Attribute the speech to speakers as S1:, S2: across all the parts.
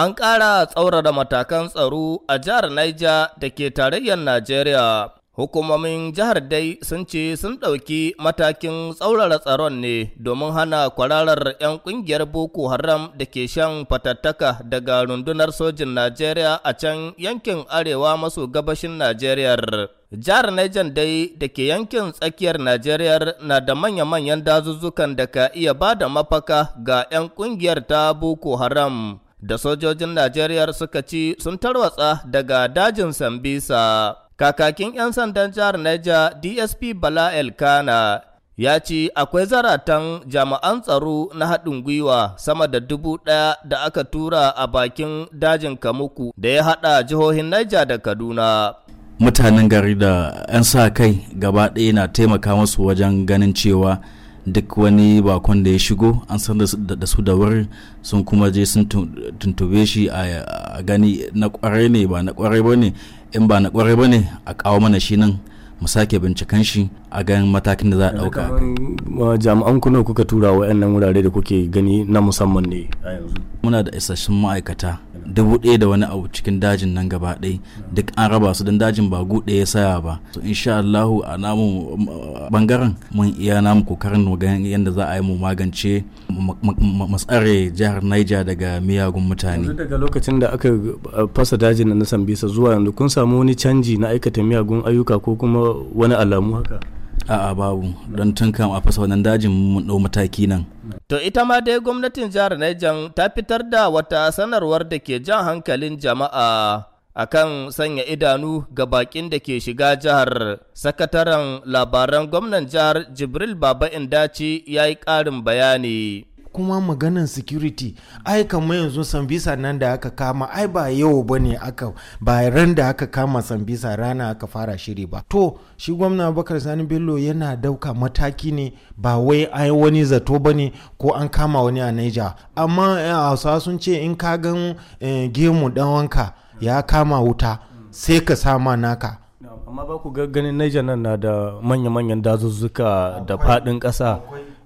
S1: an ƙara tsaurara matakan tsaro a jihar Niger da ke tarayyar Najeriya. Hukumomin jihar dai sun ce sun ɗauki matakin tsaurara tsaron ne domin hana kwararar 'yan ƙungiyar Boko Haram da ke shan fatattaka daga rundunar sojin Najeriya a can yankin arewa maso gabashin Najeriya. Jihar Niger dai da ke yankin tsakiyar Najeriya na da manya-manyan dazuzzukan da ka iya ba da mafaka ga 'yan ƙungiyar ta Boko Haram. da sojojin Najeriya suka ci sun tarwatsa daga dajin Sambisa. Kakakin 'yan sandan jihar Niger DSP Bala Elkana ya ci akwai zaratan jami'an tsaro na haɗin gwiwa sama da dubu ɗaya da aka tura a bakin dajin Kamuku da ya haɗa jihohin Niger da Kaduna.
S2: Mutanen gari da 'yan sa kai gaba ɗaya na taimaka masu wajen ganin cewa duk wani bakon da ya shigo an san da su da wuri sun kuma je sun tuntube shi a gani na kwarai ne ba na kwarai ba ne in ba na kwarai ba ne a kawo mana shi nan mu sake binciken shi a ganin matakin da za a dauka
S3: jami'an kuna kuka tura wa'annan wurare da kuke gani na musamman ne
S2: a muna da isassun ma'aikata dubu ɗaya da wani abu cikin dajin nan gaba ɗaya duk an raba su don dajin ba gu ya saya ba so insha Allahu a namu bangaren mun iya namu kokarin mu ganin yadda za a yi mu magance mu tsare jihar Niger daga miyagun mutane yanzu
S3: daga lokacin da aka uh, fasa dajin nan na Sambisa zuwa yanzu kun samu wani canji na aikata miyagun
S2: ayyuka ko kuma wani alamu haka a'a babu don tun kama a fasa wannan dajin mun ɗau mataki nan
S1: to ita ma dai gwamnatin jihar Niger ta fitar da wata sanarwar da ke jan hankalin jama'a akan sanya idanu ga bakin da ke shiga jihar sakataren labaran gwamnan jihar jibril baba indaci ya yi ƙarin bayani
S4: kuma maganan security ai kamar yanzu sambisa nan da aka kama ai ba yau ba ne aka ba ran da aka kama sambisa rana aka fara shiri ba to shi gwamna bakar sani bello yana dauka mataki ne ba wai ai wani zato ba ne ko an kama wani a naija amma eh, hausawa sun ce in ka gan eh, gemu dan wanka ya kama wuta sai ka sama naka
S3: amma ba ku ganin naija nan na da manya-manyan dazuzzuka da faɗin ƙasa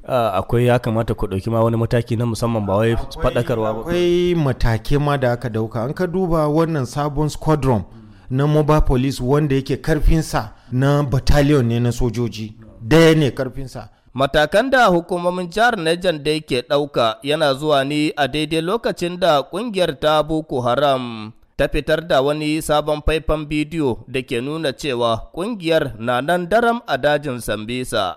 S4: Ah, akwai ya kamata ku ɗauki ma wani mataki na musamman ba wai faɗakarwa ba akwai matake ma da aka dauka an ka duba wannan sabon squadron na mobile police wanda yake karfinsa na battalion ne na sojoji daya ne karfinsa Matakan da
S1: hukumomin jihar Niger da yake ɗauka yana zuwa ne a daidai lokacin da ƙungiyar ta Boko Haram ta fitar da wani sabon faifan bidiyo da ke nuna cewa ƙungiyar na nan daram a dajin Sambisa